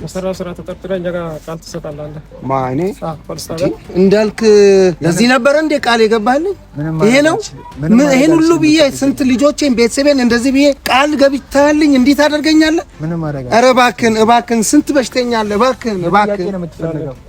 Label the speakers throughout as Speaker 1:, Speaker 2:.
Speaker 1: በሰራው ስራ ተጠርጥረህ እኛ ጋር ቃል ትሰጣለህ።
Speaker 2: ማኔ እንዳልክ ለዚህ ነበረ እንዴ ቃል የገባህልኝ? ይሄ ነው ይሄን ሁሉ ብዬ ስንት ልጆቼን ቤተሰቤን እንደዚህ ብዬ ቃል ገብተህልኝ እንዲህ ታደርገኛለህ? ኧረ እባክህን እባክህን፣ ስንት በሽተኛ አለ። እባክህን እባክህን፣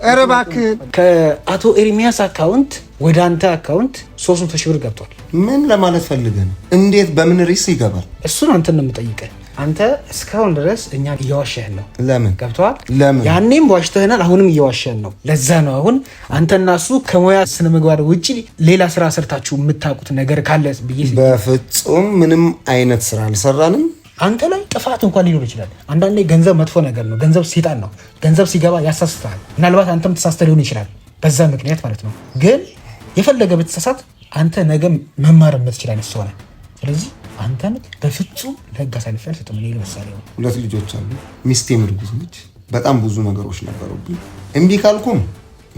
Speaker 2: ኧረ እባክህን። ከአቶ ኤርሚያስ አካውንት ወደ አንተ አካውንት 300 ሺህ ብር ገብቷል። ምን ለማለት ፈልገህ ነው? እንዴት በምን ሪስ ይገባል? እሱን አንተን ነው የምጠይቀህ አንተ እስካሁን ድረስ እኛ እየዋሸህን ነው። ለምን ገብተዋል? ለምን ያኔም ዋሽተህናል፣ አሁንም እየዋሸህን ነው። ለዛ ነው አሁን አንተና እሱ ከሙያ ስነ ምግባር ውጭ ሌላ ስራ ሰርታችሁ የምታውቁት ነገር ካለ ብዬ በፍጹም ምንም አይነት ስራ አልሰራንም። አንተ ላይ ጥፋት እንኳን ሊኖር ይችላል። አንዳንዴ ገንዘብ መጥፎ ነገር ነው። ገንዘብ ሴጣን ነው። ገንዘብ ሲገባ ያሳስተሃል። ምናልባት አንተም ተሳስተ ሊሆን ይችላል፣ በዛ ምክንያት ማለት ነው። ግን የፈለገ ብትሳሳት አንተ ነገ መማር የምትችል ስለዚህ አንተን በፍጹም ለህግ አሳልፌ አልሰጥም። እኔ ለምሳሌ ሁለት ልጆች አሉ፣ ሚስቴ እርጉዝ ነች። በጣም ብዙ ነገሮች ነበሩብኝ። እምቢ ካልኩም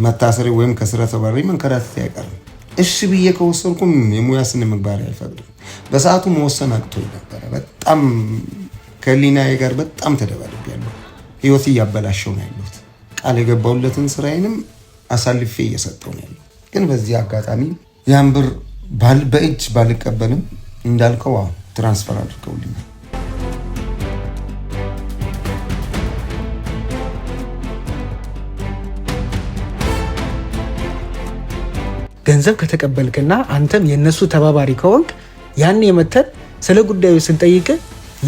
Speaker 2: መታሰሪ ወይም ከስረ ተባሪ መንከራተት አይቀርም። እሺ ብዬ ከወሰንኩም የሙያ ስነ ምግባር አይፈቅድም። በሰዓቱ መወሰን አቅቶኝ ነበረ። በጣም ከህሊናዬ ጋር በጣም ተደባደብ ተደባድቤያለሁ። ህይወት እያበላሸው ነው ያለሁት። ቃል የገባሁለትን ስራዬንም አሳልፌ እየሰጠው ነው ያለሁት። ግን በዚህ አጋጣሚ ያን ብር በእጅ ባልቀበልም እንዳልከው አሁን ትራንስፈር አድርገውልኛል። ገንዘብ ከተቀበልክና አንተም የእነሱ ተባባሪ ከሆንክ ያን የመተን ስለ ጉዳዩ ስንጠይቅህ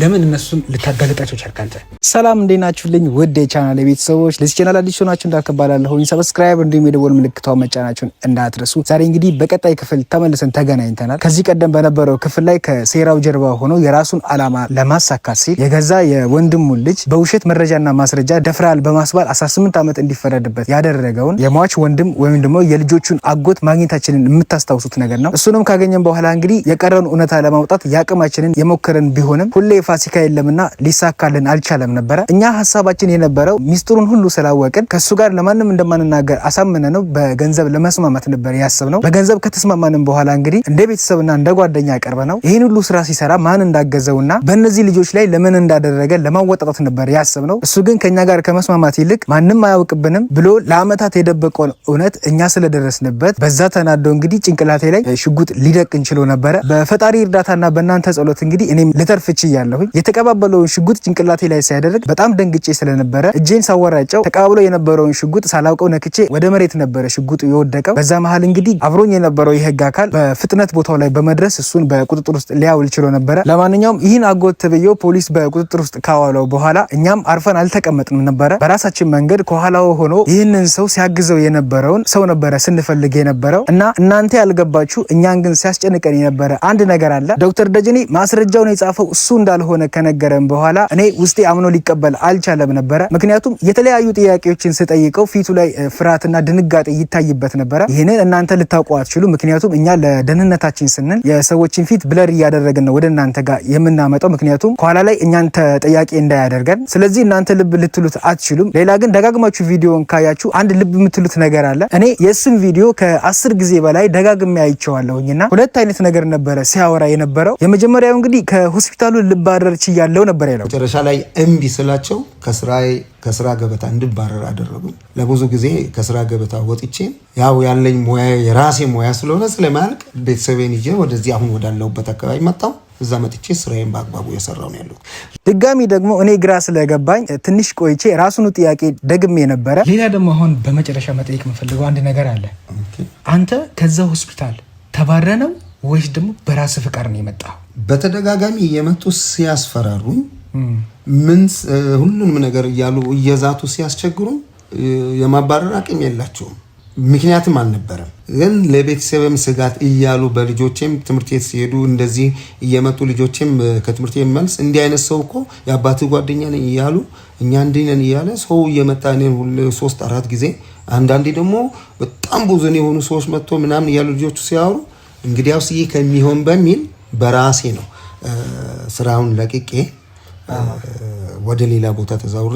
Speaker 2: ለምን እነሱን ልታጋለጣቸው ቻልክ አንተ? ሰላም እንዴት ናችሁልኝ? ውድ የቻናል ቤተሰቦች ለዚህ ቻናል አዲስ ሆናችሁ እንዳልከባላለሁኝ ሰብስክራይብ፣ እንዲሁም የደወል ምልክታው መጫናችሁን እንዳትረሱ። ዛሬ እንግዲህ በቀጣይ ክፍል ተመልሰን ተገናኝተናል። ከዚህ ቀደም በነበረው ክፍል ላይ ከሴራው ጀርባ ሆኖ የራሱን ዓላማ ለማሳካት ሲል የገዛ የወንድሙን ልጅ በውሸት መረጃና ማስረጃ ደፍራል በማስባል 18 ዓመት እንዲፈረድበት ያደረገውን የሟች ወንድም ወይም ደግሞ የልጆቹን አጎት ማግኘታችንን የምታስታውሱት ነገር ነው። እሱንም ካገኘን በኋላ እንግዲህ የቀረውን እውነታ ለማውጣት የአቅማችንን የሞከረን ቢሆንም ሁሌ ፋሲካ የለምና ሊሳካልን አልቻለም ነበረ። እኛ ሀሳባችን የነበረው ሚስጥሩን ሁሉ ስላወቅን ከእሱ ጋር ለማንም እንደማንናገር አሳምነ ነው በገንዘብ ለመስማማት ነበር ያሰብነው። በገንዘብ ከተስማማንም በኋላ እንግዲህ እንደ ቤተሰብና እንደ ጓደኛ ቀርበ ነው ይህን ሁሉ ስራ ሲሰራ ማን እንዳገዘውና በእነዚህ ልጆች ላይ ለምን እንዳደረገ ለማወጣጣት ነበር ያሰብነው። እሱ ግን ከእኛ ጋር ከመስማማት ይልቅ ማንም አያውቅብንም ብሎ ለአመታት የደበቀውን እውነት እኛ ስለደረስንበት በዛ ተናዶ እንግዲህ ጭንቅላቴ ላይ ሽጉጥ ሊደቅ እንችሎ ነበረ። በፈጣሪ እርዳታና በእናንተ ጸሎት እንግዲህ እኔም ልተርፍች እያለ ያለሁኝ። የተቀባበለውን ሽጉጥ ጭንቅላቴ ላይ ሲያደርግ በጣም ደንግጬ ስለነበረ እጄን ሳወራጨው ተቀባብሎ የነበረውን ሽጉጥ ሳላውቀው ነክቼ ወደ መሬት ነበረ ሽጉጡ የወደቀው። በዛ መሀል እንግዲህ አብሮኝ የነበረው የህግ አካል በፍጥነት ቦታው ላይ በመድረስ እሱን በቁጥጥር ውስጥ ሊያውል ችሎ ነበረ። ለማንኛውም ይህን አጎት ተብዬው ፖሊስ በቁጥጥር ውስጥ ካዋለው በኋላ እኛም አርፈን አልተቀመጥንም ነበረ። በራሳችን መንገድ ከኋላው ሆኖ ይህንን ሰው ሲያግዘው የነበረውን ሰው ነበረ ስንፈልግ የነበረው እና እናንተ ያልገባችሁ እኛን ግን ሲያስጨንቀን የነበረ አንድ ነገር አለ። ዶክተር ደጀኔ ማስረጃውን የጻፈው እሱ እንዳለ እንዳልሆነ ከነገረም በኋላ እኔ ውስጤ አምኖ ሊቀበል አልቻለም ነበረ። ምክንያቱም የተለያዩ ጥያቄዎችን ስጠይቀው ፊቱ ላይ ፍርሃትና ድንጋጤ ይታይበት ነበረ። ይህንን እናንተ ልታውቁ አትችሉ። ምክንያቱም እኛ ለደህንነታችን ስንል የሰዎችን ፊት ብለር እያደረግን ነው ወደ እናንተ ጋር የምናመጣው፣ ምክንያቱም ከኋላ ላይ እኛን ተጠያቂ እንዳያደርገን። ስለዚህ እናንተ ልብ ልትሉት አትችሉም። ሌላ ግን ደጋግማችሁ ቪዲዮን ካያችሁ አንድ ልብ የምትሉት ነገር አለ። እኔ የእሱን ቪዲዮ ከአስር ጊዜ በላይ ደጋግሜ አይቼዋለሁኝና ሁለት አይነት ነገር ነበረ ሲያወራ የነበረው። የመጀመሪያው እንግዲህ ከሆስፒታሉ ልብ እንድባረር ችያለው ነበር ያለው። መጨረሻ ላይ እምቢ ስላቸው ከስራ ገበታ እንድባረር አደረጉ። ለብዙ ጊዜ ከስራ ገበታ ወጥቼ ያው ያለኝ ሙያ የራሴ ሙያ ስለሆነ ስለማያልቅ ቤተሰቤን ይዤ ወደዚህ አሁን ወዳለሁበት አካባቢ መጣሁ። እዛ መጥቼ ስራዬን በአግባቡ የሰራው ነው ድጋሚ ደግሞ እኔ ግራ ስለገባኝ ትንሽ ቆይቼ ራሱኑ ጥያቄ ደግሜ ነበረ። ሌላ ደግሞ አሁን በመጨረሻ መጠየቅ የምፈልገው አንድ ነገር አለ። አንተ ከዛ ሆስፒታል ተባረ ነው ወይስ ደግሞ በራስ ፍቃድ ነው የመጣው? በተደጋጋሚ የመጡ ሲያስፈራሩኝ ምን ሁሉንም ነገር እያሉ እየዛቱ ሲያስቸግሩ የማባረር አቅም የላቸውም። ምክንያትም አልነበረም። ግን ለቤተሰብም ስጋት እያሉ በልጆቼም ትምህርት ቤት ሲሄዱ እንደዚህ እየመጡ ልጆቼም ከትምህርት ቤት መልስ እንዲህ አይነት ሰው እኮ የአባት ጓደኛ ነን እያሉ እኛ እንዲህ ነን እያለ ሰው እየመጣ እኔን ሶስት አራት ጊዜ አንዳንዴ ደግሞ በጣም ብዙን የሆኑ ሰዎች መጥቶ ምናምን እያሉ ልጆቹ ሲያወሩ እንግዲያውስ ይህ ከሚሆን በሚል በራሴ ነው ስራውን ለቅቄ ወደ ሌላ ቦታ ተዛውሬ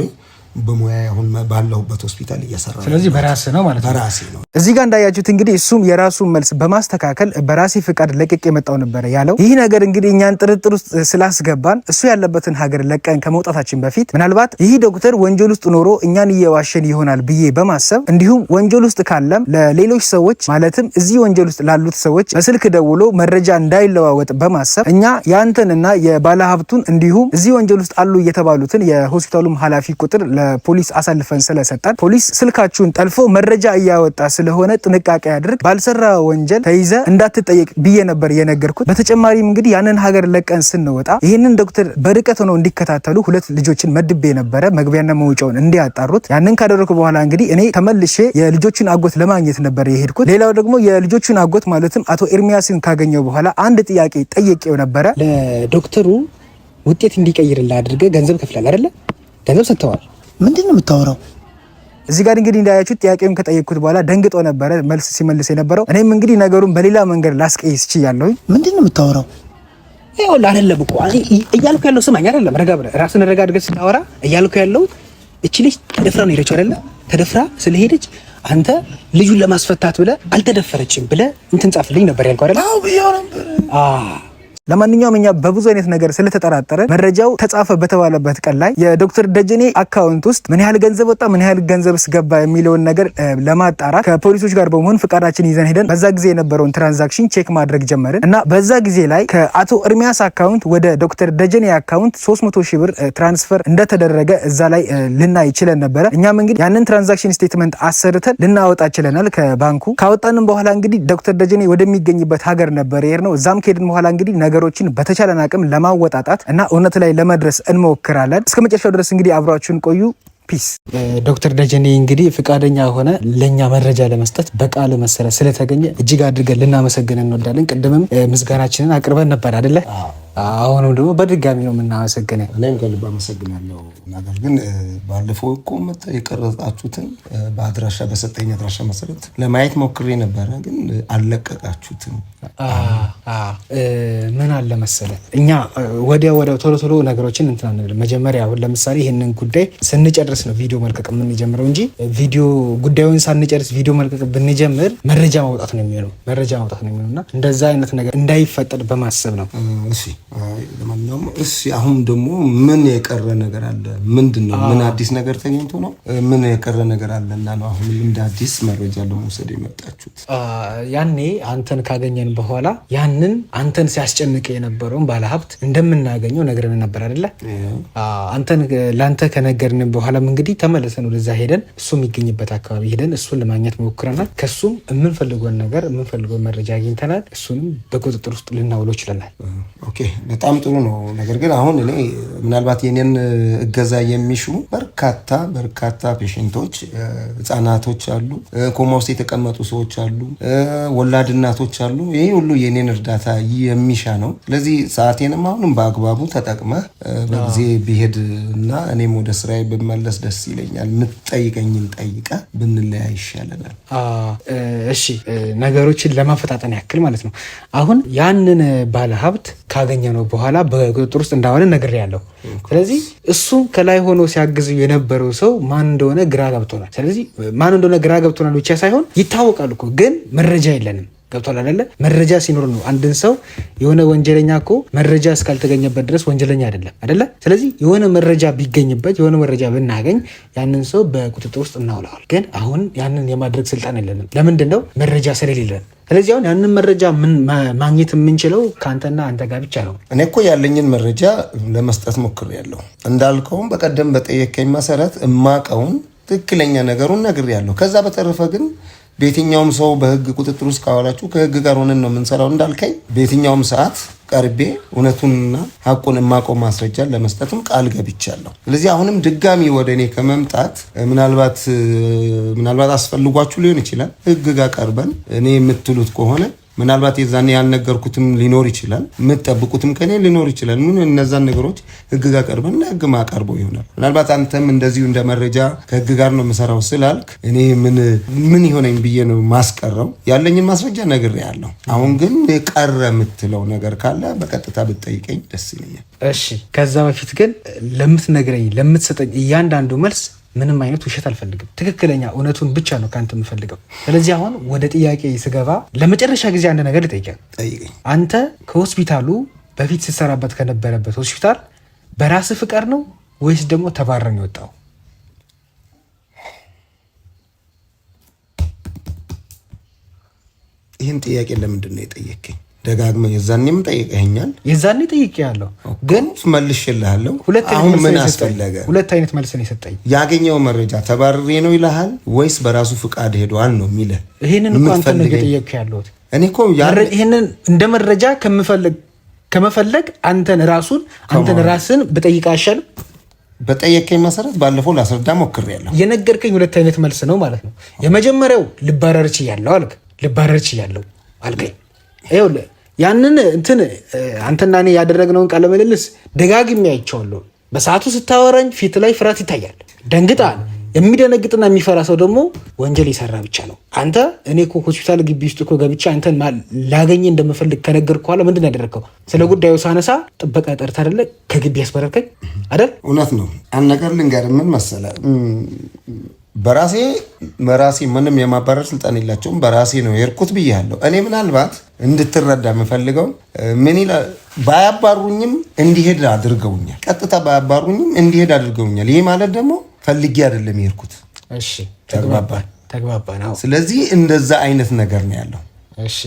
Speaker 2: በሙያ ይሁን ባለሁበት ሆስፒታል እየሰራ ስለዚህ በራስ ነው ማለት ነው። በራሴ ነው። እዚህ ጋር እንዳያችሁት እንግዲህ እሱም የራሱን መልስ በማስተካከል በራሴ ፍቃድ ለቅቅ የመጣው ነበረ ያለው። ይህ ነገር እንግዲህ እኛን ጥርጥር ውስጥ ስላስገባን እሱ ያለበትን ሀገር ለቀን ከመውጣታችን በፊት ምናልባት ይህ ዶክተር ወንጀል ውስጥ ኖሮ እኛን እየዋሸን ይሆናል ብዬ በማሰብ እንዲሁም ወንጀል ውስጥ ካለም ለሌሎች ሰዎች ማለትም እዚህ ወንጀል ውስጥ ላሉት ሰዎች በስልክ ደውሎ መረጃ እንዳይለዋወጥ በማሰብ እኛ የአንተንና የባለሀብቱን እንዲሁም እዚህ ወንጀል ውስጥ አሉ የተባሉትን የሆስፒታሉም ኃላፊ ቁጥር ለፖሊስ አሳልፈን ስለሰጠን ፖሊስ ስልካችሁን ጠልፎ መረጃ እያወጣ ስለሆነ ጥንቃቄ አድርግ፣ ባልሰራ ወንጀል ተይዘ እንዳትጠየቅ ብዬ ነበር የነገርኩት። በተጨማሪም እንግዲህ ያንን ሀገር ለቀን ስንወጣ ይህንን ዶክተር በርቀት ሆነው እንዲከታተሉ ሁለት ልጆችን መድቤ ነበረ፣ መግቢያና መውጫውን እንዲያጣሩት። ያንን ካደረኩ በኋላ እንግዲህ እኔ ተመልሼ የልጆቹን አጎት ለማግኘት ነበር የሄድኩት። ሌላው ደግሞ የልጆቹን አጎት ማለትም አቶ ኤርሚያስን ካገኘው በኋላ አንድ ጥያቄ ጠየቄው ነበረ። ለዶክተሩ ውጤት እንዲቀይርልህ አድርገህ ገንዘብ ከፍላል አይደለ? ገንዘብ ሰጥተዋል ምንድን ነው የምታወራው? እዚህ ጋር እንግዲህ እንዳያችሁት ጥያቄውን ከጠየቅኩት በኋላ ደንግጦ ነበረ መልስ ሲመልስ የነበረው። እኔም እንግዲህ ነገሩን በሌላ መንገድ ላስቀይስ ችያለሁኝ። ምንድን ነው የምታወራው? ይኸውልህ አይደለም እኮ እያልኩ ያለው ስማኝ፣ አይደለም ረጋ ብለህ ራስን ረጋ አድርገህ ስናወራ እያልኩ ያለው እቺ ልጅ ተደፍራ ነው ሄደችው አይደለ? ተደፍራ ስለሄደች አንተ ልጁን ለማስፈታት ብለህ አልተደፈረችም ብለህ እንትን ጻፍልኝ ነበር ያልኩህ አይደለ? አዎ ብያው ነበር። ለማንኛውም እኛ በብዙ አይነት ነገር ስለተጠራጠረ መረጃው ተጻፈ በተባለበት ቀን ላይ የዶክተር ደጀኔ አካውንት ውስጥ ምን ያህል ገንዘብ ወጣ፣ ምን ያህል ገንዘብ ስገባ የሚለውን ነገር ለማጣራት ከፖሊሶች ጋር በመሆን ፍቃዳችን ይዘን ሄደን በዛ ጊዜ የነበረውን ትራንዛክሽን ቼክ ማድረግ ጀመርን እና በዛ ጊዜ ላይ ከአቶ እርሚያስ አካውንት ወደ ዶክተር ደጀኔ አካውንት 300 ሺህ ብር ትራንስፈር እንደተደረገ እዛ ላይ ልናይ ችለን ነበረ። እኛም እንግዲህ ያንን ትራንዛክሽን ስቴትመንት አሰርተን ልናወጣ ችለናል ከባንኩ። ካወጣንም በኋላ እንግዲህ ዶክተር ደጀኔ ወደሚገኝበት ሀገር ነበር የሄድነው። እዛም ከሄድን በኋላ እንግዲህ ነገሮችን በተቻለን አቅም ለማወጣጣት እና እውነት ላይ ለመድረስ እንሞክራለን። እስከ መጨረሻው ድረስ እንግዲህ አብራችሁን ቆዩ። ፒስ ዶክተር ደጀኔ እንግዲህ ፍቃደኛ ሆነ ለእኛ መረጃ ለመስጠት በቃል መሰረት ስለተገኘ እጅግ አድርገን ልናመሰግን እንወዳለን። ቅድምም ምስጋናችንን አቅርበን ነበር አደለ? አሁንም ደግሞ በድጋሚ ነው የምናመሰግነ እኔም ከልብ አመሰግናለሁ። ነገር ግን ባለፈው እኮ የቀረጣችሁትን በአድራሻ በሰጠኝ አድራሻ መሰረት ለማየት ሞክሬ ነበረ፣ ግን አልለቀቃችሁትም። ምን አለ መሰለ እኛ ወዲያ ወዲያ ቶሎ ቶሎ ነገሮችን እንትን አንልም። መጀመሪያ አሁን ለምሳሌ ይህንን ጉዳይ ስንጨርስ ነው ቪዲዮ መልቀቅ የምንጀምረው እንጂ ቪዲዮ ጉዳዩን ሳንጨርስ ቪዲዮ መልቀቅ ብንጀምር መረጃ ማውጣት ነው የሚሆነው። መረጃ ማውጣት ነው የሚሆነው እና እንደዛ አይነት ነገር እንዳይፈጠር በማሰብ ነው። እሺ ለማንኛውም እስ አሁን ደግሞ ምን የቀረ ነገር አለ? ምንድን ነው? ምን አዲስ ነገር ተገኝቶ ነው? ምን የቀረ ነገር አለ እና ነው አሁን እንደ አዲስ መረጃ ለመውሰድ የመጣችሁት? ያኔ አንተን ካገኘን በኋላ ያንን አንተን ሲያስጨንቅ የነበረውን ባለሀብት እንደምናገኘው ነግረን ነበር አይደለ? አንተን ለአንተ ከነገርን በኋላም እንግዲህ ተመለሰን ወደዛ ሄደን እሱ የሚገኝበት አካባቢ ሄደን እሱን ለማግኘት ሞክረናል። ከሱም የምንፈልገውን ነገር የምንፈልገውን መረጃ አግኝተናል። እሱንም በቁጥጥር ውስጥ ልናውለው ችለናል። ኦኬ በጣም ጥሩ ነው። ነገር ግን አሁን እኔ ምናልባት የኔን እገዛ የሚሹ በርካታ በርካታ ፔሽንቶች ህጻናቶች አሉ፣ ኮማ ውስጥ የተቀመጡ ሰዎች አሉ፣ ወላድ እናቶች አሉ። ይህ ሁሉ የኔን እርዳታ የሚሻ ነው። ስለዚህ ሰዓቴንም አሁንም በአግባቡ ተጠቅመ በጊዜ ብሄድ እና እኔም ወደ ስራዬ ብመለስ ደስ ይለኛል። የምትጠይቀኝን ጠይቀ ብንለያ ይሻለናል። እሺ ነገሮችን ለማፈጣጠን ያክል ማለት ነው። አሁን ያንን ባለሀብት ካገኘ ነው በኋላ በቁጥጥር ውስጥ እንዳሆነ ነግር ያለው። ስለዚህ እሱም ከላይ ሆኖ ሲያግዝ የነበረው ሰው ማን እንደሆነ ግራ ገብቶናል። ስለዚህ ማን እንደሆነ ግራ ገብቶናል ብቻ ሳይሆን ይታወቃል እኮ ግን መረጃ የለንም። ገብቷል አይደለ? መረጃ ሲኖር ነው አንድን ሰው የሆነ ወንጀለኛ እኮ መረጃ እስካልተገኘበት ድረስ ወንጀለኛ አይደለም አይደለ? ስለዚህ የሆነ መረጃ ቢገኝበት የሆነ መረጃ ብናገኝ ያንን ሰው በቁጥጥር ውስጥ እናውለዋል። ግን አሁን ያንን የማድረግ ስልጣን የለንም። ለምንድን ነው መረጃ ስለሌለን። ስለዚህ አሁን ያንን መረጃ ማግኘት የምንችለው ከአንተና አንተ ጋር ብቻ ነው። እኔ እኮ ያለኝን መረጃ ለመስጠት ሞክሬያለሁ። እንዳልከውም በቀደም በጠየከኝ መሰረት እማቀውን ትክክለኛ ነገሩን ነግሬያለሁ። ከዛ በተረፈ ግን በየትኛውም ሰው በህግ ቁጥጥር ውስጥ ካዋላችሁ ከህግ ጋር ሆነን ነው የምንሰራው እንዳልከኝ በየትኛውም ሰዓት ቀርቤ እውነቱንና ሀቁን የማቆም ማስረጃ ለመስጠትም ቃል ገብቻለሁ። ስለዚህ አሁንም ድጋሚ ወደ እኔ ከመምጣት ምናልባት ምናልባት አስፈልጓችሁ ሊሆን ይችላል ህግ ጋር ቀርበን እኔ የምትሉት ከሆነ ምናልባት የዛኔ ያልነገርኩትም ሊኖር ይችላል። የምትጠብቁትም ከኔ ሊኖር ይችላል። ምን እነዛን ነገሮች ህግ ጋር ቀርበን ህግ ማቀርበው ይሆናል። ምናልባት አንተም እንደዚሁ እንደ መረጃ ከህግ ጋር ነው የምሰራው ስላልክ እኔ ምን ምን ይሆነኝ ብዬ ነው ማስቀረው። ያለኝን ማስረጃ ያለው አሁን ግን ቀረ የምትለው ነገር ካለ በቀጥታ ብትጠይቀኝ ደስ ይለኛል። እሺ፣ ከዛ በፊት ግን ለምትነግረኝ ለምትሰጠኝ እያንዳንዱ መልስ ምንም አይነት ውሸት አልፈልግም። ትክክለኛ እውነቱን ብቻ ነው ከአንተ የምፈልገው። ስለዚህ አሁን ወደ ጥያቄ ስገባ ለመጨረሻ ጊዜ አንድ ነገር ልጠይቅህ። አንተ ከሆስፒታሉ በፊት ስትሰራበት ከነበረበት ሆስፒታል በራስህ ፍቃድ ነው ወይስ ደግሞ ተባረን የወጣው? ይህን ጥያቄ ለምንድን ነው የጠየከኝ? ደጋግመህ የዛኔም ጠይቀኸኛል። የዛኔ ጠይቄሃለሁ፣ ግን መልሼልሃለሁ። አሁን ምን አስፈለገ? ሁለት አይነት መልስ ነው የሰጠኝ። ያገኘው መረጃ ተባርሬ ነው ይልሃል ወይስ በራሱ ፍቃድ ሄዷል ነው የሚልህ? ይህንን እኮ አንተን ነው እየጠየቅህ ያለሁት። እኔ እኮ ይህንን እንደ መረጃ ከምፈልግ ከመፈለግ አንተን ራሱን አንተን ራስን በጠይቅ አይሻልም? በጠየቀኝ መሰረት ባለፈው ላስረዳ ሞክሬያለሁ። የነገርከኝ ሁለት አይነት መልስ ነው ማለት ነው። የመጀመሪያው ልባረርች ችያለሁ አልክ። ልባረርች ችያለሁ አልከኝ ይኸውልህ ያንን እንትን አንተና እኔ ያደረግነውን ቃለ ምልልስ ደጋግሜ አይቼዋለሁ። በሰዓቱ ስታወራኝ ፊት ላይ ፍርሃት ይታያል። ደንግጣል። የሚደነግጥና የሚፈራ ሰው ደግሞ ወንጀል የሰራ ብቻ ነው። አንተ እኔ እኮ ሆስፒታል ግቢ ውስጥ እኮ ገብቼ አንተን ላገኘ እንደምፈልግ ከነገር ኋላ ምንድን ነው ያደረግከው? ስለ ጉዳዩ ሳነሳ ጥበቃ ጠርተህ አይደለ ከግቢ ያስበረርከኝ አይደል? እውነት ነው። አንድ ነገር ልንገርህ። ምን መሰለህ በራሴ በራሴ ምንም የማባረር ስልጣን የላቸውም። በራሴ ነው ብዬ ብያለሁ። እኔ ምናልባት እንድትረዳ የምፈልገው ምን ይላል፣ ባያባሩኝም እንዲሄድ አድርገውኛል። ቀጥታ ባያባሩኝም እንዲሄድ አድርገውኛል። ይህ ማለት ደግሞ ፈልጌ አይደለም የሄድኩት። ተግባባን? ተግባባን። ስለዚህ እንደዛ አይነት ነገር ነው ያለው። እሺ፣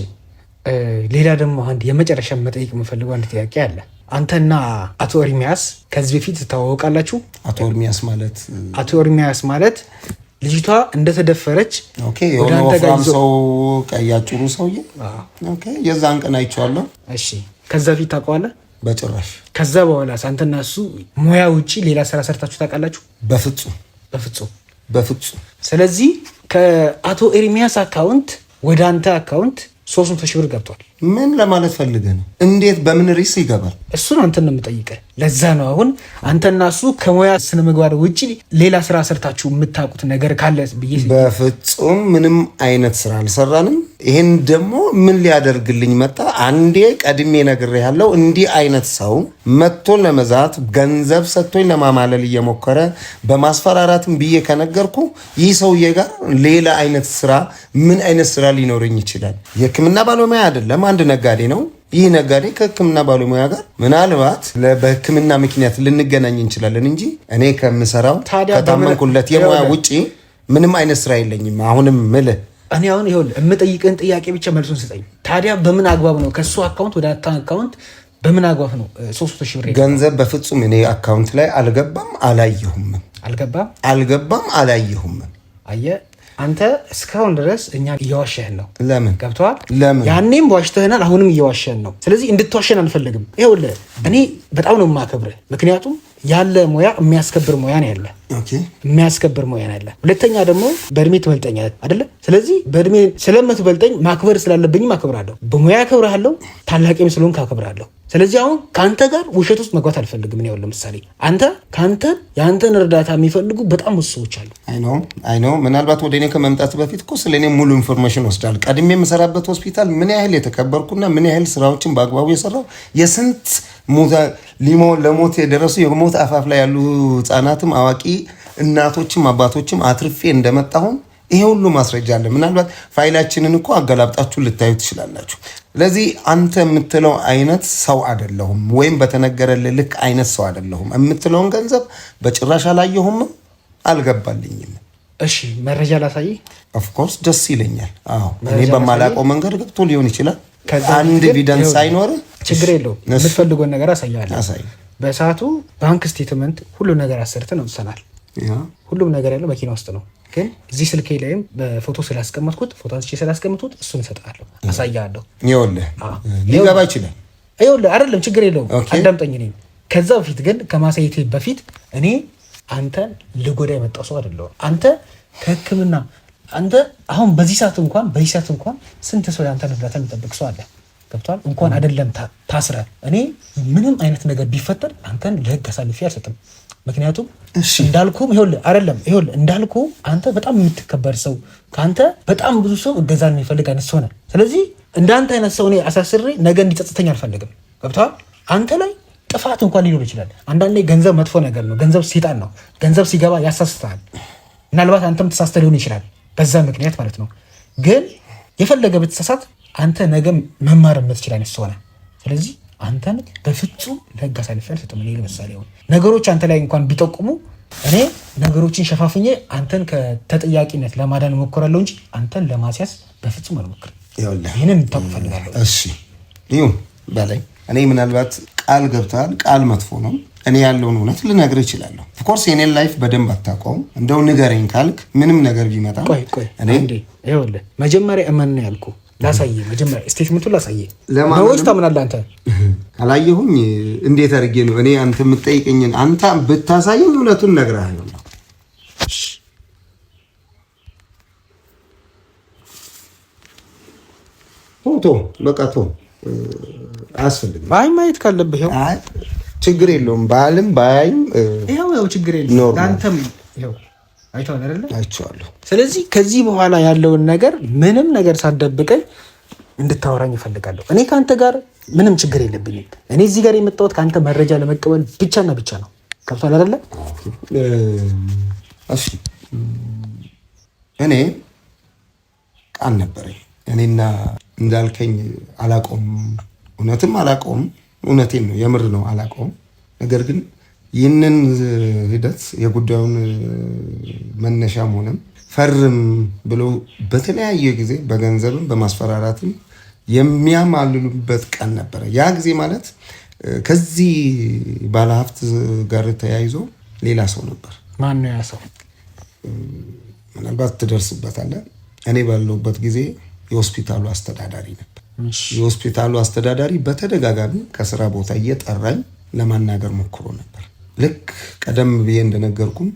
Speaker 2: ሌላ ደግሞ አንድ የመጨረሻ መጠይቅ የምፈልገው አንድ ጥያቄ አለ አንተና አቶ ኤርሚያስ ከዚህ በፊት ትተዋወቃላችሁ? አቶ ኤርሚያስ ማለት አቶ ኤርሚያስ ማለት ልጅቷ እንደተደፈረች ወፍራም ሰው ቀያጭሩ ሰውዬ የዛን ቀን አይቼዋለሁ። እሺ ከዛ ፊት ታውቀዋለህ? በጭራሽ። ከዛ በኋላ አንተና እሱ ሙያ ውጭ ሌላ ስራ ሰርታችሁ ታውቃላችሁ? በፍጹም በፍጹም በፍጹም። ስለዚህ ከአቶ ኤርሚያስ አካውንት ወደ አንተ አካውንት ሶስት መቶ ሺህ ብር ገብቷል። ምን ለማለት ፈልገ ነው? እንዴት በምን ርዕስ ይገባል? እሱን አንተ ነው የምጠይቀ። ለዛ ነው አሁን አንተና እሱ ከሙያ ስነ ምግባር ውጭ ሌላ ስራ ሰርታችሁ የምታውቁት ነገር ካለ ብዬ። በፍጹም ምንም አይነት ስራ አልሰራንም። ይህን ደግሞ ምን ሊያደርግልኝ መጣ? አንዴ ቀድሜ ነግሬህ ያለው እንዲህ አይነት ሰው መጥቶ ለመዛት ገንዘብ ሰጥቶኝ ለማማለል እየሞከረ በማስፈራራትም ብዬ ከነገርኩ ይህ ሰውዬ ጋር ሌላ አይነት ስራ ምን አይነት ስራ ሊኖረኝ ይችላል? የህክምና ባለሙያ አይደለም አንድ ነጋዴ ነው። ይህ ነጋዴ ከህክምና ባለሙያ ጋር ምናልባት በህክምና ምክንያት ልንገናኝ እንችላለን እንጂ እኔ ከምሰራው ከታመንኩለት የሙያ ውጪ ምንም አይነት ስራ የለኝም። አሁንም ምልህ እኔ አሁን ይኸውልህ የምጠይቅን ጥያቄ ብቻ መልሱን ስጠኝ። ታዲያ በምን አግባብ ነው ከእሱ አካውንት ወደ አታ አካውንት በምን አግባብ ነው ሶስት ሺህ ብር ገንዘብ? በፍጹም እኔ አካውንት ላይ አልገባም፣ አላየሁም። አልገባም፣ አልገባም፣ አላየሁም። አየህ አንተ እስካሁን ድረስ እኛ እየዋሸህን ነው። ለምን ገብተዋል? ለምን ያኔም ዋሽተህናል፣ አሁንም እየዋሸህን ነው። ስለዚህ እንድትዋሸን አንፈልግም። ይኸውልህ እኔ በጣም ነው የማከብርህ፣ ምክንያቱም ያለ ሙያ የሚያስከብር ሙያ ነው ያለህ የሚያስከብር መሆን አለ። ሁለተኛ ደግሞ በእድሜ ትበልጠኝ አይደለ? ስለዚህ በእድሜ ስለምትበልጠኝ ማክበር ስላለብኝም አክብራለሁ። በሙያ አከብርሃለሁ፣ ታላቅም ስለሆንክ አከብርሃለሁ። ስለዚህ አሁን ከአንተ ጋር ውሸት ውስጥ መግባት አልፈልግም። ያው ለምሳሌ አንተ ከአንተ የአንተን እርዳታ የሚፈልጉ በጣም ብዙ ሰዎች አሉ። አይኖ አይኖ ምናልባት ወደ እኔ ከመምጣት በፊት እኮ ስለ እኔ ሙሉ ኢንፎርሜሽን ወስዳል። ቀድሜ የምሰራበት ሆስፒታል ምን ያህል የተከበርኩና ምን ያህል ስራዎችን በአግባቡ የሰራው የስንት ሊሞ ለሞት የደረሱ የሞት አፋፍ ላይ ያሉ ህጻናትም አዋቂ እናቶችም አባቶችም አትርፌ እንደመጣሁም ይሄ ሁሉ ማስረጃ አለ። ምናልባት ፋይላችንን እኮ አገላብጣችሁ ልታዩ ትችላላችሁ። ስለዚህ አንተ የምትለው አይነት ሰው አይደለሁም፣ ወይም በተነገረልህ ልክ አይነት ሰው አይደለሁም። የምትለውን ገንዘብ በጭራሽ አላየሁም፣ አልገባልኝም። እሺ መረጃ ላሳይ። ኦፍኮርስ ደስ ይለኛል። አዎ እኔ በማላውቀው መንገድ ገብቶ ሊሆን ይችላል። አንድ ኤቪደንስ አይኖርም፣ ችግር የለውም። የምትፈልገውን ነገር አሳያለሁ። በሰዓቱ ባንክ ስቴትመንት ሁሉ ነገር አሰርተን ወጥተናል። ሁሉም ነገር ያለው መኪና ውስጥ ነው። ግን እዚህ ስልኬ ላይም በፎቶ ስላስቀመጥኩት ፎቶ አንስቼ ስላስቀመጥኩት እሱን እሰጥሃለሁ፣ አሳያለሁ። ይኸውልህ ሊገባ ይችላል። ይኸውልህ አይደለም ችግር የለውም አዳምጠኝ። እኔ ከዛ በፊት ግን ከማሳየቴ በፊት እኔ አንተን ልጎዳ የመጣ ሰው አይደለሁም። አንተ ከህክምና አንተ አሁን በዚህ ሰዓት እንኳን በዚህ ሰዓት እንኳን ስንት ሰው የአንተን እርዳታ የሚጠብቅ ሰው አለ? ገብቷል። እንኳን አይደለም ታስረ እኔ ምንም አይነት ነገር ቢፈጠር አንተን ለህግ አሳልፌ አልሰጥም። ምክንያቱም እንዳልኩ ይኸውልህ አይደለም ይኸውልህ እንዳልኩ አንተ በጣም የምትከበር ሰው ከአንተ በጣም ብዙ ሰው እገዛ የሚፈልግ አይነት ሰው ነህ። ስለዚህ እንዳንተ አይነት ሰው እኔ አሳስሬ ነገ እንዲጸጽተኝ አልፈልግም። ገብቷል። አንተ ላይ ጥፋት እንኳን ሊኖር ይችላል። አንዳንዴ ገንዘብ መጥፎ ነገር ነው። ገንዘብ ሴጣን ነው። ገንዘብ ሲገባ ያሳስተሃል። ምናልባት አንተም ተሳስተ ሊሆን ይችላል በዛ ምክንያት ማለት ነው። ግን የፈለገ ብትሳሳት አንተ ነገ መማር የምትችል አይነት ሰው ነህ። ስለዚህ አንተን በፍጹም ለህግ አሳልፌ አልሰጥም። እኔ ለምሳሌ ሆን ነገሮች አንተ ላይ እንኳን ቢጠቁሙ እኔ ነገሮችን ሸፋፍኜ አንተን ከተጠያቂነት ለማዳን እሞክራለሁ እንጂ አንተን ለማስያዝ በፍጹም አልሞክርም። ይህንን እንድታውቅ እፈልጋለሁ። እሺ ይሁን በላይ እኔ ምናልባት ቃል ገብተሃል። ቃል መጥፎ ነው። እኔ ያለውን እውነት ልነግርህ እችላለሁ። ኦፍኮርስ የኔን ላይፍ በደንብ አታውቀውም። እንደው ንገረኝ ካልክ ምንም ነገር ቢመጣ ቆይ ቆይ፣ እኔ መጀመሪያ እመን ነው ያልኩህ ላሳየ መጀመሪያ ስቴትመንቱን ላሳየ። ለማንስ ታምናለህ አንተ? ካላየሁኝ እንዴት አድርጌ ነው እኔ አንተ የምትጠይቀኝን? አንተ ብታሳየኝ እውነቱን ነው ቶ በቃ ቶ አያስፈልግም። አይ ማየት ካለብህ ይኸው ችግር የለውም። ባልም ባያይም ይኸው ችግር የለውም። አይቼዋለሁ አይደለ? አይቼዋለሁ። ስለዚህ ከዚህ በኋላ ያለውን ነገር ምንም ነገር ሳትደብቀኝ እንድታወራኝ እፈልጋለሁ። እኔ ከአንተ ጋር ምንም ችግር የለብኝም። እኔ እዚህ ጋር የመጣሁት ከአንተ መረጃ ለመቀበል ብቻና ብቻ ነው። ከብቷል አይደለ? እሺ እኔ ቃል ነበረኝ። እኔና እንዳልከኝ አላቆም፣ እውነትም አላቆም። እውነቴን ነው፣ የምር ነው፣ አላቆም ነገር ግን ይህንን ሂደት የጉዳዩን መነሻም ሆነም ፈርም ብሎ በተለያየ ጊዜ በገንዘብም በማስፈራራትም የሚያማልሉበት ቀን ነበረ። ያ ጊዜ ማለት ከዚህ ባለሀብት ጋር ተያይዞ ሌላ ሰው ነበር። ማነው ያ ሰው? ምናልባት ትደርስበታለህ። እኔ ባለሁበት ጊዜ የሆስፒታሉ አስተዳዳሪ ነበር። የሆስፒታሉ አስተዳዳሪ በተደጋጋሚ ከስራ ቦታ እየጠራኝ ለማናገር ሞክሮ ነበር። ልክ ቀደም ብዬ እንደነገርኩም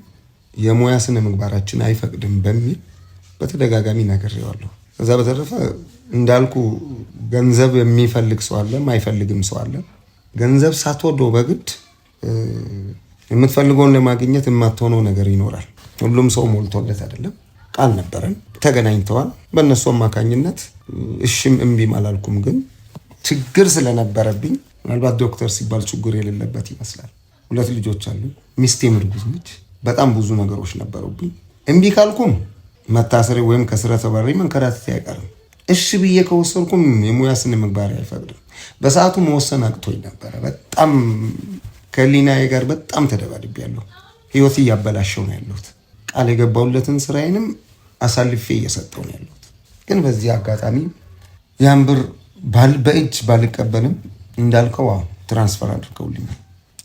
Speaker 2: የሙያ ስነ ምግባራችን አይፈቅድም በሚል በተደጋጋሚ ነግሬዋለሁ። ከዛ በተረፈ እንዳልኩ ገንዘብ የሚፈልግ ሰው አለ፣ የማይፈልግም ሰው አለ። ገንዘብ ሳትወደው በግድ የምትፈልገውን ለማግኘት የማትሆነው ነገር ይኖራል። ሁሉም ሰው ሞልቶለት አይደለም። ቃል ነበረን፣ ተገናኝተዋል። በእነሱ አማካኝነት እሽም እምቢም አላልኩም፣ ግን ችግር ስለነበረብኝ ምናልባት ዶክተር ሲባል ችግር የሌለበት ይመስላል ሁለት ልጆች አሉ። ሚስቴም እርጉዝ ነች። በጣም ብዙ ነገሮች ነበሩብኝ። እምቢ ካልኩም መታሰሪ ወይም ከስረ ተባሪ መንከራተት አይቀርም። እሺ ብዬ ከወሰንኩም የሙያ ስነ ምግባር አይፈቅድም። በሰዓቱ መወሰን አቅቶኝ ነበረ። በጣም ከሊናዬ ጋር በጣም ተደባድቤያለሁ። ህይወት እያበላሸው ነው ያለሁት። ቃል የገባሁለትን ስራዬንም አሳልፌ እየሰጠው ነው ያለሁት። ግን በዚህ አጋጣሚ ያን ብር በእጅ ባልቀበልም እንዳልከው አሁን ትራንስፈር አድርገውልኛል።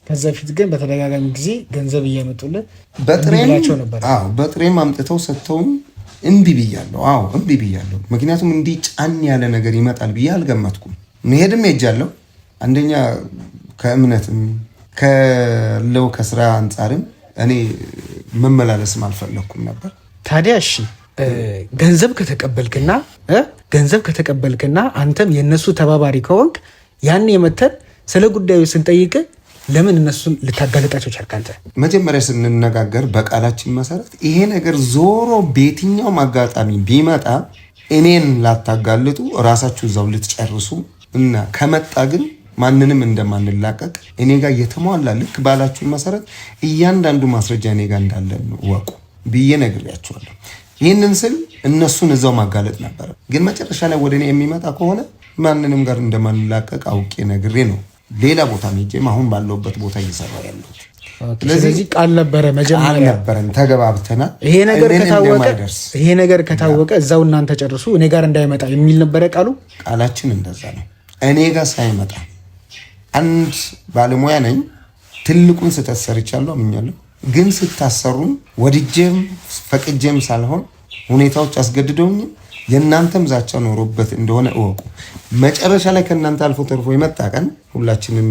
Speaker 2: ከዛ በፊት ግን በተደጋጋሚ ጊዜ ገንዘብ እያመጡልን ነበር። በጥሬም አምጥተው ሰጥተውም እምቢ ብያለሁ። አዎ እምቢ ብያለሁ። ምክንያቱም እንዲህ ጫን ያለ ነገር ይመጣል ብዬ አልገመትኩም። መሄድም ሄጃለሁ። አንደኛ ከእምነትም ከለው ከስራ አንጻርም እኔ መመላለስም አልፈለግኩም ነበር። ታዲያ እሺ ገንዘብ ከተቀበልክና ገንዘብ ከተቀበልክና አንተም የእነሱ ተባባሪ ከሆንክ ያን የመተን ስለ ጉዳዩ ስንጠይቅ ለምን እነሱን ልታጋለጣቸው ቻልክ? አንተ መጀመሪያ ስንነጋገር በቃላችን መሰረት ይሄ ነገር ዞሮ በየትኛውም አጋጣሚ ቢመጣ እኔን ላታጋልጡ እራሳችሁ እዛው ልትጨርሱ እና ከመጣ ግን ማንንም እንደማንላቀቅ እኔ ጋር የተሟላ ልክ ባላችሁን መሰረት እያንዳንዱ ማስረጃ እኔ ጋር እንዳለ ወቁ ብዬ ነግሬያቸዋለሁ። ይህንን ስል እነሱን እዛው ማጋለጥ ነበረ። ግን መጨረሻ ላይ ወደ እኔ የሚመጣ ከሆነ ማንንም ጋር እንደማንላቀቅ አውቄ ነግሬ ነው ሌላ ቦታ ሄጄም አሁን ባለውበት ቦታ እየሰራ ያለሁት። ስለዚህ ቃል ነበረ መጀመሪያ ነበረን ተገባብተናል። ይሄ ነገር ከታወቀ ይሄ ነገር ከታወቀ እዛው እናንተ ጨርሱ፣ እኔ ጋር እንዳይመጣ የሚል ነበረ ቃሉ። ቃላችን እንደዛ ነው። እኔ ጋር ሳይመጣ አንድ ባለሙያ ነኝ። ትልቁን ስህተት ሰርቻለሁ አምኛለሁ። ግን ስታሰሩም ወድጄም ፈቅጄም ሳልሆን ሁኔታዎች አስገድደውኝም የእናንተም ዛቻ ኖሮበት እንደሆነ እወቁ። መጨረሻ ላይ ከእናንተ አልፎ ተርፎ የመጣ ቀን ሁላችንም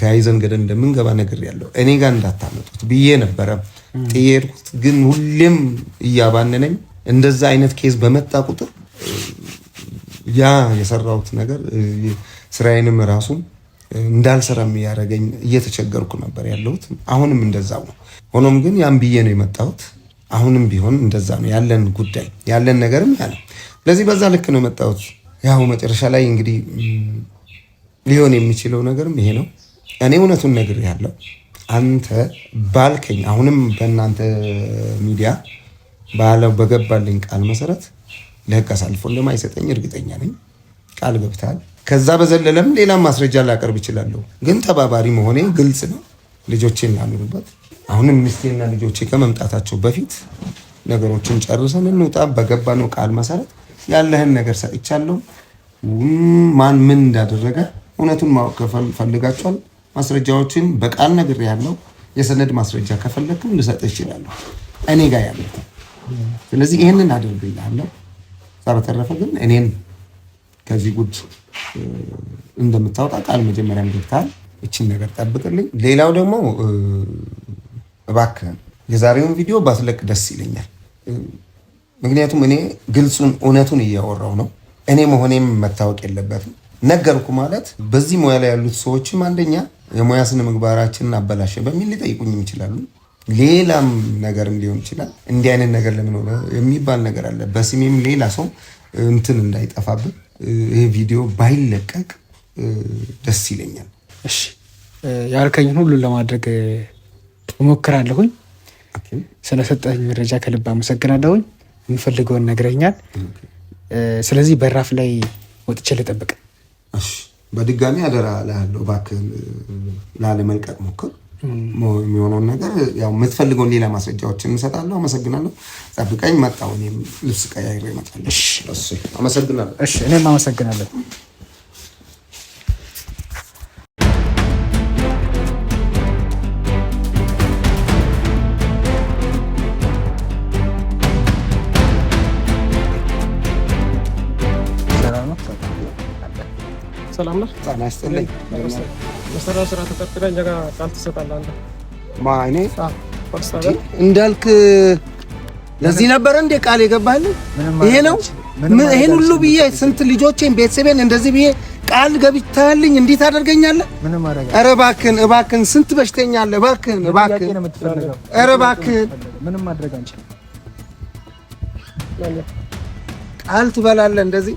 Speaker 2: ተያይዘን ገደል እንደምንገባ ነገር ያለው እኔ ጋር እንዳታመጡት ብዬ ነበረ ጥየድኩት፣ ግን ሁሌም እያባነነኝ እንደዛ አይነት ኬዝ በመጣ ቁጥር ያ የሰራሁት ነገር ስራዬንም ራሱም እንዳልሰራም የሚያደርገኝ እየተቸገርኩ ነበር ያለሁት። አሁንም እንደዛው ነው። ሆኖም ግን ያም ብዬ ነው የመጣሁት። አሁንም ቢሆን እንደዛ ነው ያለን ጉዳይ ያለን ነገርም ያለ። ስለዚህ በዛ ልክ ነው የመጣሁት። ያው መጨረሻ ላይ እንግዲህ ሊሆን የሚችለው ነገርም ይሄ ነው። እኔ እውነቱን ነግር ያለው አንተ ባልከኝ፣ አሁንም በእናንተ ሚዲያ ባለው በገባልኝ ቃል መሰረት ለህግ አሳልፎ እንደማይሰጠኝ እርግጠኛ ነኝ። ቃል ገብታል። ከዛ በዘለለም ሌላም ማስረጃ ላቀርብ እችላለሁ፣ ግን ተባባሪ መሆኔ ግልጽ ነው። ልጆቼን ላኑርበት አሁንም ሚስቴና ልጆቼ ከመምጣታቸው በፊት ነገሮችን ጨርሰን እንውጣ። ነው ቃል መሰረት ያለህን ነገር ሰጥቻለሁ። ማን ምን እንዳደረገ እውነቱን ማወቅ ፈልጋችኋል። ማስረጃዎችን በቃል ነገር ያለው የሰነድ ማስረጃ ከፈለግም ልሰጥ ይችላለሁ፣ እኔ ጋር ያለ። ስለዚህ ይህንን አድርግልሃለሁ። በተረፈ ግን እኔን ከዚህ ጉድ እንደምታወጣ ቃል መጀመሪያም ገብተሃል። እችን ነገር ጠብቅልኝ። ሌላው ደግሞ እባክህን የዛሬውን ቪዲዮ ባትለቅ ደስ ይለኛል። ምክንያቱም እኔ ግልጹን እውነቱን እያወራው ነው። እኔ መሆኔም መታወቅ የለበትም። ነገርኩ ማለት በዚህ ሙያ ላይ ያሉት ሰዎችም አንደኛ የሙያ ስነ ምግባራችንን አበላሸ በሚል ሊጠይቁኝም ይችላሉ። ሌላም ነገር ሊሆን ይችላል። እንዲህ አይነት ነገር ለምን የሚባል ነገር አለ። በስሜም ሌላ ሰው እንትን እንዳይጠፋብን ይህ ቪዲዮ ባይለቀቅ ደስ ይለኛል። እሺ ያልከኝን ሁሉን ለማድረግ እሞክራለሁኝ። ስለሰጠኝ መረጃ ከልብ አመሰግናለሁኝ። የምፈልገውን ነግረኛል። ስለዚህ በራፍ ላይ ወጥቼ ልጠብቅ። በድጋሚ አደራ ላለው እባክህ ላለመልቀቅ ሞክር። የሚሆነውን ነገር ያው የምትፈልገውን ሌላ ማስረጃዎችን እንሰጣለሁ። አመሰግናለሁ። ጠብቀኝ። መጣሁ። እኔም ልብስ ቀያይሬ እመጣለሁ። አመሰግናለሁ። እኔም አመሰግናለሁ። ሰላም ነህ? ጤና ይስጥልኝ። መሰረተ ስራ ተጠርጥረህ እኛ ጋር ቃል ትሰጣለህ አንተ። እኔ? እንዳልክ ለዚህ ነበረ እንዴ ቃል የገባህልኝ? ይሄ ነው ይሄን ሁሉ ብዬ ስንት ልጆቼን ቤተሰቤን እንደዚህ ብዬ ቃል ገብተህልኝ እንዲህ ታደርገኛለህ? ኧረ እባክህን እባክህን ስንት በሽተኛ አለ። እባክህን እባክህን ኧረ እባክህን ምንም ማድረግ አንችልም። ቃል ትበላለህ እንደዚህ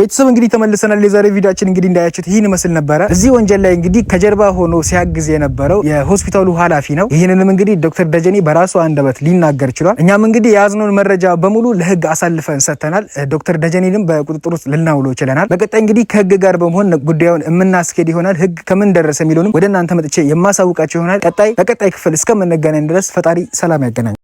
Speaker 2: ቤተሰብ እንግዲህ ተመልሰናል። የዛሬ ቪዲዮችን እንግዲህ እንዳያችሁት ይህን ይመስል ነበረ። እዚህ ወንጀል ላይ እንግዲህ ከጀርባ ሆኖ ሲያግዝ የነበረው የሆስፒታሉ ኃላፊ ነው። ይህንንም እንግዲህ ዶክተር ደጀኔ በራሱ አንደበት ሊናገር ችሏል። እኛም እንግዲህ የያዝነውን መረጃ በሙሉ ለህግ አሳልፈን ሰጥተናል። ዶክተር ደጀኔንም በቁጥጥር ውስጥ ልናውሎ ችለናል። በቀጣይ እንግዲህ ከህግ ጋር በመሆን ጉዳዩን የምናስኬድ ይሆናል። ህግ ከምን ደረሰ የሚለውንም ወደ እናንተ መጥቼ የማሳውቃቸው ይሆናል። ቀጣይ በቀጣይ ክፍል እስከምንገናኝ ድረስ ፈጣሪ ሰላም ያገናኛል።